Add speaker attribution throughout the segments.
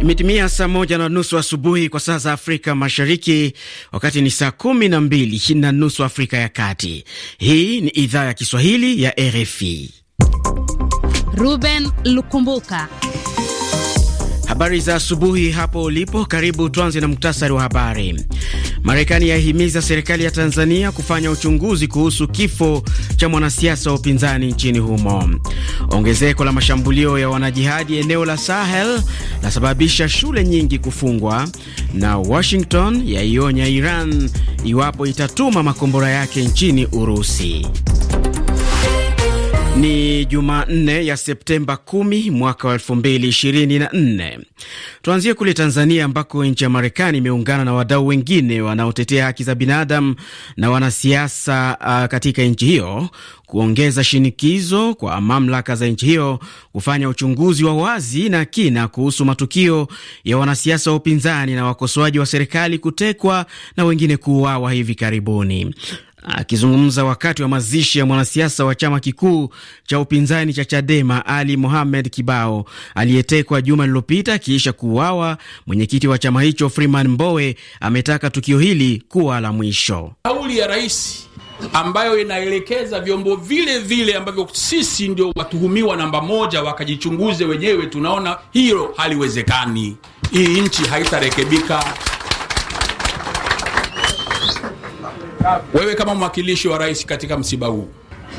Speaker 1: Imetimia saa moja na nusu asubuhi kwa saa za Afrika Mashariki, wakati ni saa kumi na mbili na nusu Afrika ya Kati. Hii ni idhaa ya Kiswahili ya RFI.
Speaker 2: Ruben Lukumbuka,
Speaker 1: habari za asubuhi hapo ulipo. Karibu tuanze na muktasari wa habari. Marekani yahimiza serikali ya Tanzania kufanya uchunguzi kuhusu kifo cha mwanasiasa wa upinzani nchini humo. Ongezeko la mashambulio ya wanajihadi eneo la Sahel lasababisha shule nyingi kufungwa, na Washington yaionya Iran iwapo itatuma makombora yake nchini Urusi. Ni Jumanne ya Septemba 10 mwaka wa 2024. Tuanzie kule Tanzania ambako nchi ya Marekani imeungana na wadau wengine wanaotetea haki za binadamu na wanasiasa uh, katika nchi hiyo kuongeza shinikizo kwa mamlaka za nchi hiyo kufanya uchunguzi wa wazi na kina kuhusu matukio ya wanasiasa wa upinzani na wakosoaji wa serikali kutekwa na wengine kuuawa hivi karibuni. Akizungumza wakati wa mazishi ya mwanasiasa wa chama kikuu cha upinzani cha Chadema Ali Mohamed Kibao aliyetekwa juma lililopita akiisha kuuawa, mwenyekiti wa chama hicho Freeman Mbowe ametaka tukio hili kuwa la mwisho. Kauli ya rais ambayo inaelekeza vyombo vile vile ambavyo sisi ndio watuhumiwa namba moja wakajichunguze wenyewe, tunaona hilo haliwezekani. Hii nchi haitarekebika. Wewe kama mwakilishi wa rais katika msiba huu,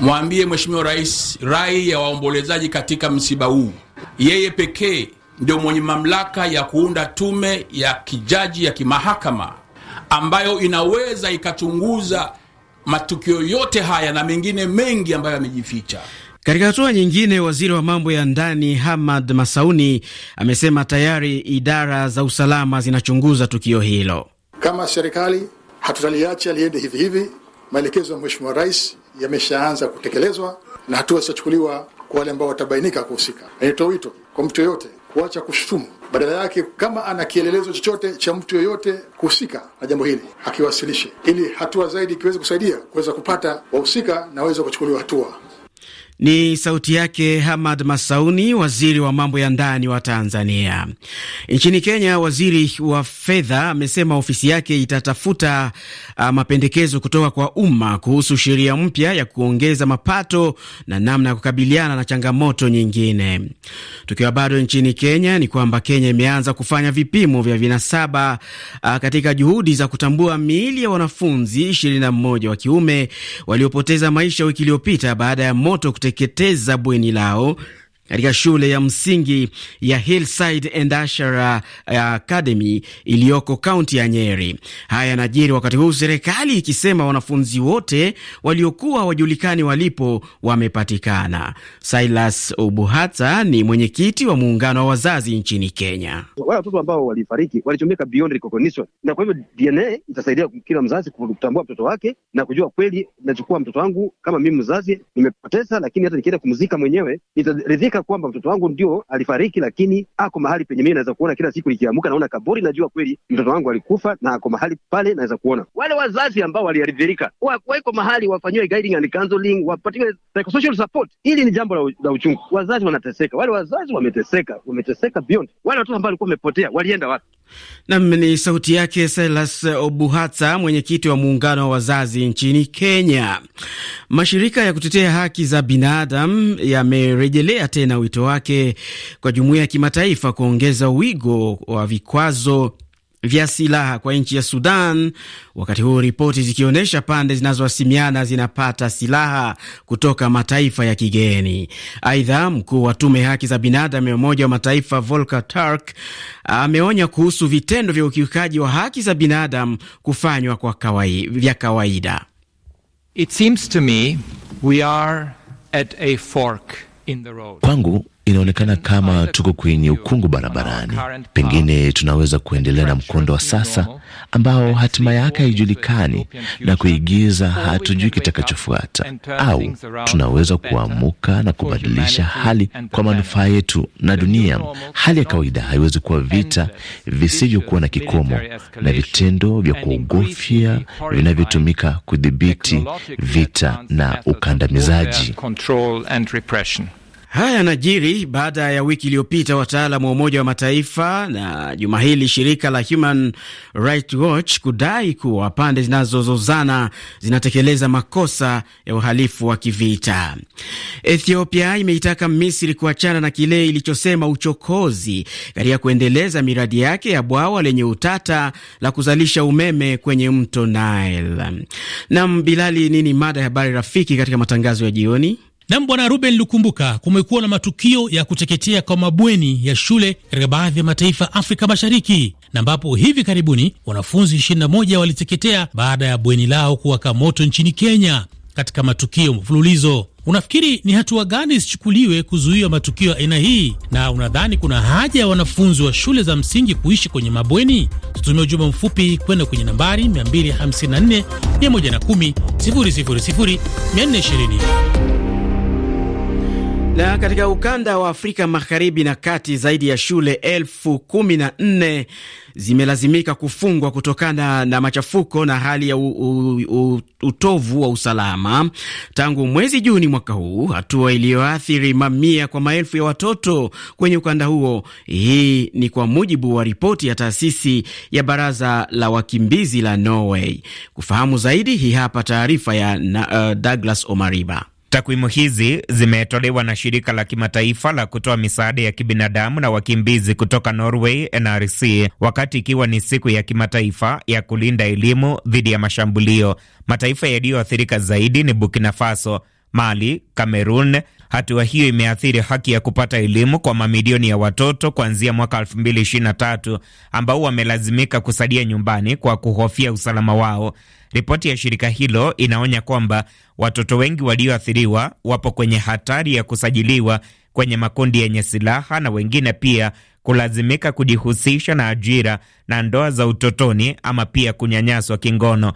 Speaker 1: mwambie mheshimiwa rais, rai ya waombolezaji katika msiba huu, yeye pekee ndio mwenye mamlaka ya kuunda tume ya kijaji ya kimahakama ambayo inaweza ikachunguza matukio yote haya na mengine mengi ambayo yamejificha. Katika hatua nyingine, waziri wa mambo ya ndani Hamad Masauni amesema tayari idara za usalama zinachunguza tukio hilo.
Speaker 2: Kama serikali hatutaliacha liende hivi hivi. Maelekezo ya Mheshimiwa Rais yameshaanza kutekelezwa na hatua zitachukuliwa kwa wale ambao watabainika kuhusika. Nitoa wito kwa mtu yoyote kuacha kushutumu, badala yake, kama ana kielelezo chochote cha mtu yoyote kuhusika na jambo hili akiwasilishe, ili hatua zaidi ikiweze kusaidia kuweza kupata wahusika na waweze kuchukuliwa hatua.
Speaker 1: Ni sauti yake Hamad Masauni, waziri wa mambo ya ndani wa Tanzania. Nchini Kenya, waziri wa fedha amesema ofisi yake itatafuta uh, mapendekezo kutoka kwa umma kuhusu sheria mpya ya kuongeza mapato na namna ya kukabiliana na changamoto nyingine. Tukiwa bado nchini Kenya, ni kwamba Kenya imeanza kufanya vipimo vya vinasaba uh, katika juhudi za kutambua miili ya wanafunzi 21 wa kiume waliopoteza maisha wiki iliyopita baada ya moto kuteketeza bweni lao katika shule ya msingi ya Hillside and Ashara uh, uh, Academy iliyoko kaunti ya Nyeri. Haya yanajiri wakati huu serikali ikisema wanafunzi wote waliokuwa wajulikani walipo wamepatikana. Silas Obuhata ni mwenyekiti wa muungano wa wazazi nchini Kenya. Wale watoto ambao walifariki walichomeka beyond recognition, na kwa hivyo DNA itasaidia kila mzazi kutambua mtoto wake na kujua kweli, nachukua mtoto wangu kama mimi mzazi nimepoteza, lakini hata nikienda kumzika mwenyewe nitaridhika uhakika kwamba mtoto wangu ndio alifariki, lakini ako mahali penye mimi naweza kuona kila siku nikiamka, naona kaburi, najua kweli mtoto wangu alikufa na ako mahali pale naweza kuona. Wale wazazi ambao waliaridhirika wako mahali wafanyiwe guiding and counseling, wapatiwe psychosocial support. Hili ni jambo la, la uchungu. Wazazi wanateseka, wale wazazi wameteseka, wameteseka beyond. Wale watoto ambao walikuwa wamepotea walienda wapi? Nam ni sauti yake Silas Obuhata, mwenyekiti wa muungano wa wazazi nchini Kenya. Mashirika ya kutetea haki za binadamu yamerejelea tena wito wake kwa jumuiya ya kimataifa kuongeza wigo wa vikwazo vya silaha kwa nchi ya Sudan, wakati huu ripoti zikionyesha pande zinazohasimiana zinapata silaha kutoka mataifa ya kigeni. Aidha, mkuu wa tume haki za binadamu ya Umoja wa Mataifa Volker Turk ameonya kuhusu vitendo vya ukiukaji wa haki za binadamu kufanywa kwa kawai, vya kawaida. It seems to me we are at a fork in the road.
Speaker 2: Pangu inaonekana kama tuko kwenye ukungu barabarani. Pengine tunaweza kuendelea na mkondo wa sasa ambao hatima yake haijulikani na kuigiza, hatujui kitakachofuata, au tunaweza kuamuka na kubadilisha hali kwa manufaa yetu na dunia. Hali ya kawaida haiwezi kuwa vita visivyokuwa na kikomo na vitendo vya kuogofya vinavyotumika kudhibiti vita na ukandamizaji.
Speaker 1: Haya najiri baada ya wiki iliyopita wataalam wa Umoja wa Mataifa na juma hili shirika la Human Rights Watch kudai kuwa pande zinazozozana zinatekeleza makosa ya uhalifu wa kivita. Ethiopia imeitaka Misri kuachana na kile ilichosema uchokozi katika kuendeleza miradi yake ya bwawa lenye utata la kuzalisha umeme kwenye mto Nile. Nam Bilali, nini mada ya habari rafiki katika matangazo ya jioni?
Speaker 2: Nam Bwana Ruben Lukumbuka, kumekuwa na matukio ya kuteketea kwa mabweni ya shule katika baadhi ya mataifa Afrika Mashariki, na ambapo hivi karibuni wanafunzi 21 waliteketea baada ya bweni lao kuwaka moto nchini Kenya katika matukio mfululizo. Unafikiri ni hatua gani zichukuliwe kuzuia matukio ya aina hii, na unadhani kuna haja ya wanafunzi wa shule za msingi kuishi kwenye mabweni? Tutumia ujumbe mfupi kwenda kwenye nambari 254 110 000 420.
Speaker 1: Na katika ukanda wa Afrika magharibi na kati zaidi ya shule elfu kumi na nne zimelazimika kufungwa kutokana na machafuko na hali ya u, u, u, utovu wa usalama tangu mwezi Juni mwaka huu, hatua iliyoathiri mamia kwa maelfu ya watoto kwenye ukanda huo. Hii ni kwa mujibu wa ripoti ya taasisi ya baraza la wakimbizi la Norway. Kufahamu zaidi, hii hapa taarifa ya na, uh, Douglas Omariba. Takwimu hizi zimetolewa na shirika la kimataifa la kutoa misaada ya kibinadamu na wakimbizi kutoka Norway, NRC, wakati ikiwa ni siku ya kimataifa ya kulinda elimu dhidi ya mashambulio. Mataifa yaliyoathirika zaidi ni Burkina Faso Mali, Kamerun. Hatua hiyo imeathiri haki ya kupata elimu kwa mamilioni ya watoto kuanzia mwaka 2023 ambao wamelazimika kusalia nyumbani kwa kuhofia usalama wao. Ripoti ya shirika hilo inaonya kwamba watoto wengi walioathiriwa wapo kwenye hatari ya kusajiliwa kwenye makundi yenye silaha na wengine pia kulazimika kujihusisha na ajira na ndoa za utotoni ama pia kunyanyaswa kingono.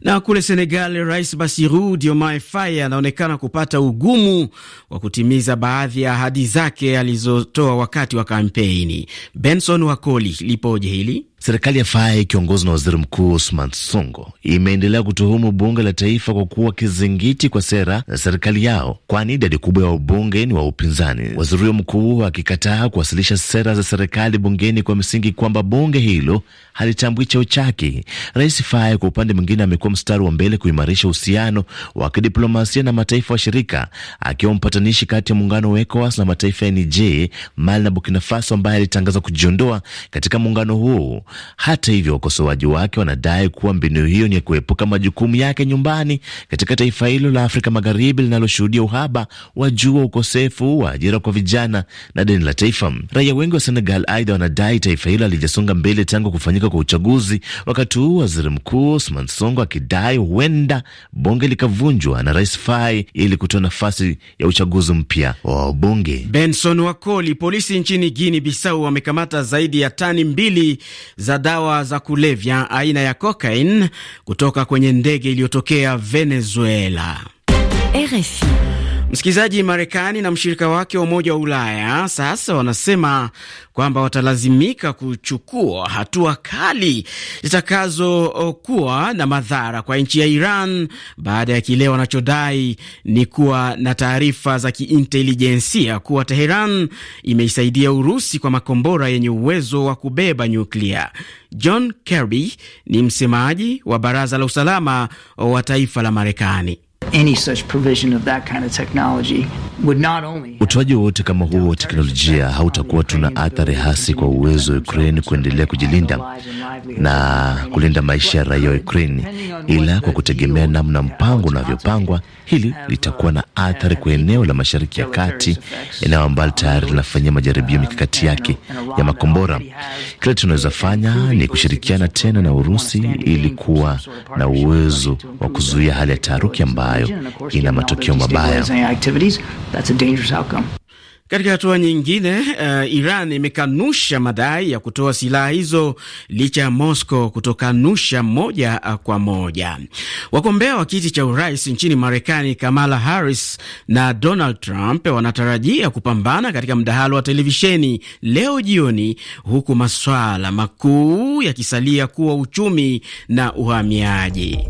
Speaker 1: Na kule Senegal, Rais Bassirou Diomaye Faye anaonekana kupata ugumu wa kutimiza baadhi ya ahadi zake alizotoa wakati wa kampeni. Benson Wakoli, lipoje hili?
Speaker 2: Serikali ya Faye ikiongozwa na waziri mkuu Osman Songo imeendelea kutuhumu bunge la taifa kwa kuwa kizingiti kwa sera za serikali yao, kwani idadi kubwa ya wabunge ni wa upinzani. Waziri huyo mkuu akikataa kuwasilisha sera za serikali bungeni kwa msingi kwamba bunge hilo halitambui cheo chake. Rais Faye kwa upande mwingine amekuwa mstari wa mbele kuimarisha uhusiano wa kidiplomasia na mataifa wa shirika, akiwa mpatanishi kati ya muungano wa ECOWAS na mataifa ya Niger, Mali na Burkina Faso ambaye alitangaza kujiondoa katika muungano huo. Hata hivyo, wakosoaji wake wanadai kuwa mbinu hiyo ni ya kuepuka majukumu yake nyumbani katika taifa hilo la Afrika Magharibi linaloshuhudia uhaba wa juu wa ukosefu wa ajira kwa vijana na deni la taifa. Raia wengi wa Senegal aidha wanadai taifa hilo halijasonga mbele tangu kufanyika kwa uchaguzi, wakati huu waziri mkuu Ousmane Sonko akidai huenda bunge likavunjwa na rais Faye ili kutoa nafasi ya uchaguzi mpya wa wabunge.
Speaker 1: Benson Wakoli. Polisi nchini Guinea Bissau wamekamata zaidi ya tani mbili za dawa za kulevya aina ya cocaine kutoka kwenye ndege iliyotokea Venezuela. RFI. Msikilizaji, Marekani na mshirika wake wa Umoja wa Ulaya sasa wanasema kwamba watalazimika kuchukua hatua kali zitakazokuwa na madhara kwa nchi ya Iran baada ya kile wanachodai ni kuwa na taarifa za kiintelijensia kuwa Teheran imeisaidia Urusi kwa makombora yenye uwezo wa kubeba nyuklia. John Kirby ni msemaji wa Baraza la Usalama wa Taifa la Marekani.
Speaker 2: Utoaji wowote kama huo wa teknolojia hautakuwa tuna athari hasi kwa uwezo wa Ukraine kuendelea kujilinda na kulinda maisha ya raia wa Ukraine, ila kwa kutegemea namna mpango unavyopangwa, hili litakuwa na athari kwa eneo la Mashariki ya Kati, eneo ambalo tayari linafanyia majaribio mikakati yake ya makombora. Kile tunaweza fanya ni kushirikiana tena na Urusi ili kuwa na uwezo wa kuzuia hali ya taharuki ambayo ambayo ina matokeo mabaya.
Speaker 1: Katika hatua nyingine, uh, Iran imekanusha madai ya kutoa silaha hizo licha ya Moscow kutokanusha moja uh, kwa moja. Wagombea wa kiti cha urais nchini Marekani, Kamala Harris na Donald Trump wanatarajia kupambana katika mdahalo wa televisheni leo jioni, huku maswala makuu yakisalia kuwa uchumi na uhamiaji.